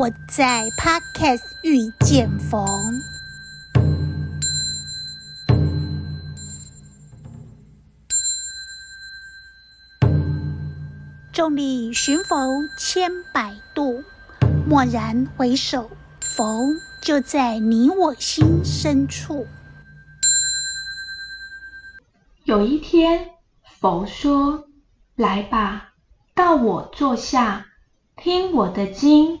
我在 Podcast 遇見佛。眾裡尋佛千百度，驀然回首，佛就在你我心深處。有一天，佛說：“來吧，到我坐下，聽我的經。”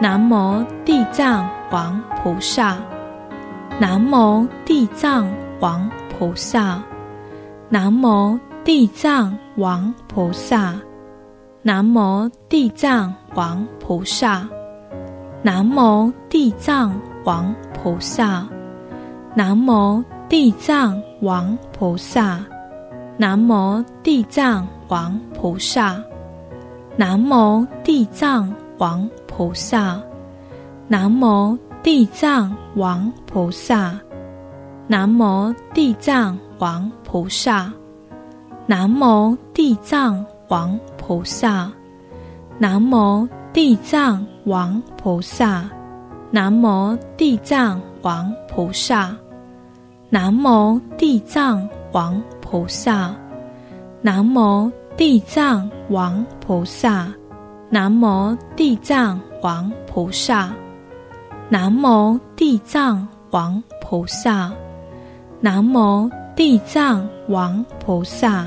南無地藏王菩薩，南無地藏王菩薩，南無地藏王菩薩，南無地藏王菩薩，南無地藏王菩薩，南無地藏王菩薩，南無地藏王菩薩，南無地藏王菩薩，南無地藏王菩薩，南無地藏王菩薩，南無地藏王菩薩，南無地藏王菩薩，南無地藏王菩薩，南無地藏王菩薩，南無地藏王菩薩。南無地藏王菩薩，南無地藏王菩薩，南無地藏王菩薩，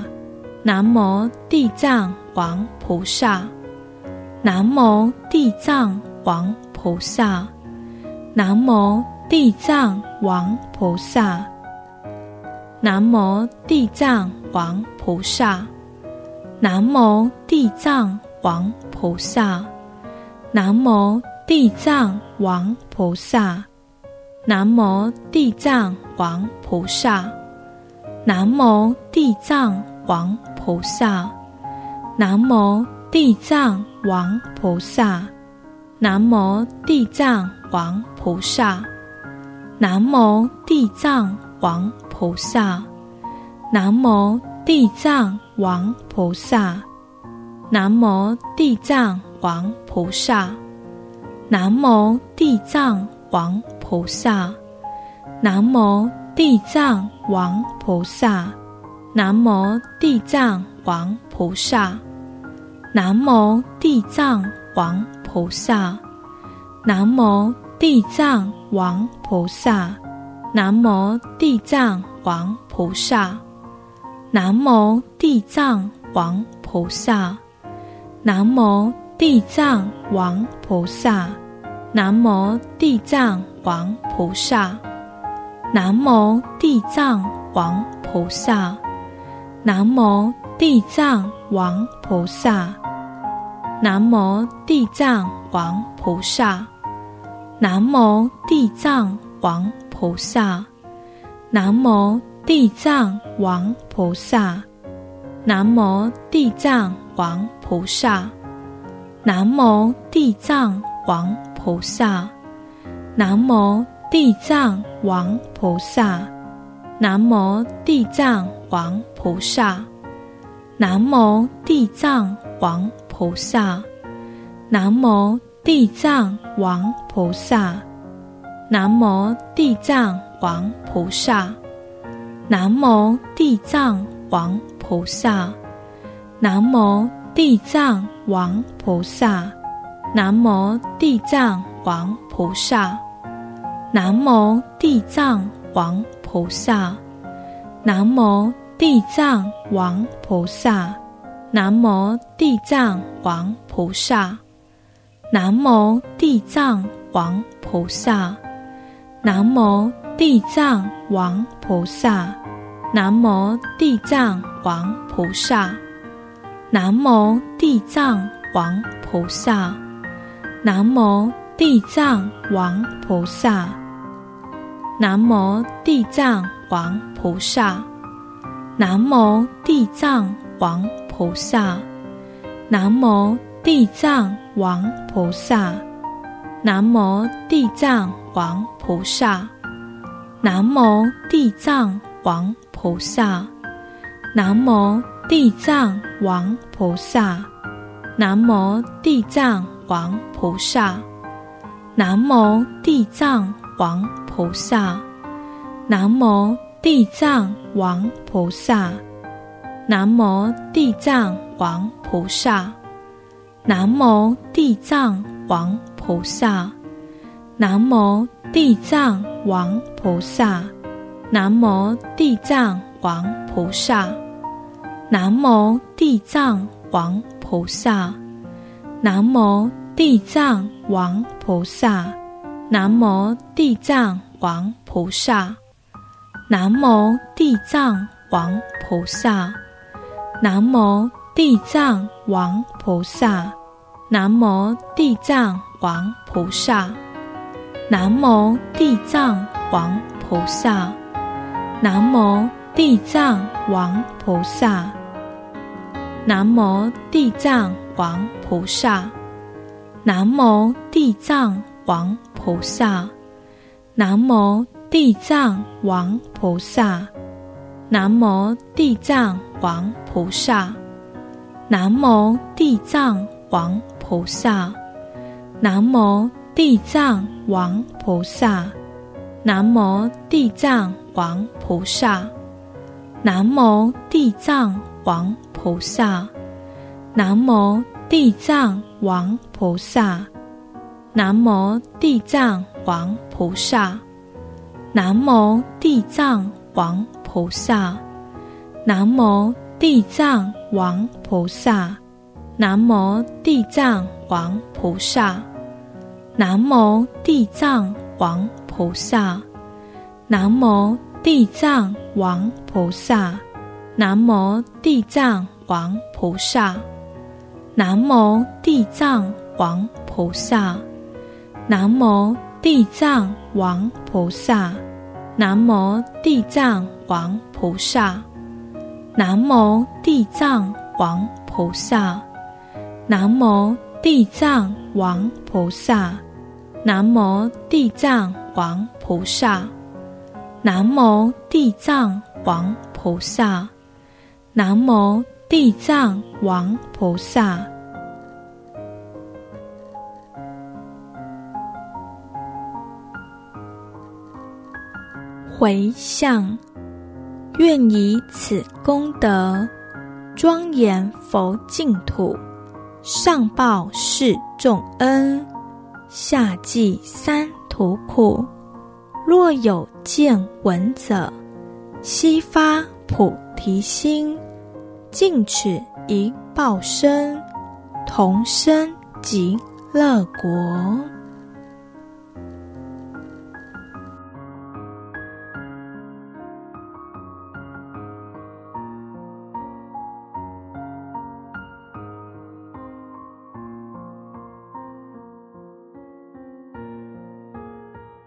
南無地藏王菩薩，南無地藏王菩薩，南無地藏王菩薩，南無地藏王菩薩，南無地藏。王菩薩，南無地藏王菩薩，南無地藏王菩薩，南無地藏王菩薩，南無地藏王菩薩，南無地藏王菩薩，南無地藏王菩薩，南無地藏王菩薩。南無地藏王菩薩，南無地藏王菩薩，南無地藏王菩薩，南無地藏王菩薩，南無地藏王菩薩，南無地藏王菩薩，南無地藏王菩薩，南無地藏王菩薩。arat 南無地藏王菩薩，南無地藏王菩薩，南無地藏王菩薩，南無地藏王菩薩，南無地藏王菩薩，南無地藏王菩薩，南無地藏王菩薩，南無地藏王。地藏王菩薩，南無地藏王菩薩，南無地藏王菩薩，南無地藏王菩薩，南無地藏王菩薩，南無地藏王菩薩，南無地藏王菩薩，南無地藏王菩薩，南無地藏王菩薩，南無。地藏王菩薩，南無地藏王菩薩，南無地藏王菩薩，南無地藏王菩薩，南無地藏王菩薩，南無地藏王菩薩，南無地藏王菩薩，南無地藏王菩薩。南無地藏王菩薩，南無地藏王菩薩，南無地藏王菩薩，南無地藏王菩薩，南無地藏王菩薩，南無地藏王菩薩，南無地藏王菩薩，南無。地藏王菩薩，南無地藏王菩薩，南無地藏王菩薩，南無地藏王菩薩，南無地藏王菩薩，南無地藏王菩薩，南無地藏王菩薩，南無地藏王菩薩，南無地藏王菩薩。南無地藏王菩薩，南無地藏王菩薩，南無地藏王菩薩，南無地藏王菩薩，南無地藏王菩薩，南無地藏王菩薩，南無地藏王菩薩，南無地藏王菩薩。南無地藏王菩薩，南無地藏王菩薩，南無地藏王菩薩，南無地藏王菩薩，南無地藏王菩薩，南無地藏王菩薩，南無地藏王菩薩，南無地藏。王菩薩，南無地藏王菩薩，南無地藏王菩薩，南無地藏王菩薩，南無地藏王菩薩，南無地藏王菩薩，南無地藏王菩薩，南無地藏王菩薩，南無地藏王菩薩。南無地藏王菩薩，南無地藏王菩薩，南無地藏王菩薩，南無地藏王菩薩，南無地藏王菩薩，南無地藏王菩薩，南無地藏王菩薩，南無地藏王菩薩。南無地藏王菩薩，迴向，願以此功德，莊嚴佛淨土，上報四重恩，下濟三途苦。若有見聞者，悉發菩提心。盡此一報身，同生極樂國。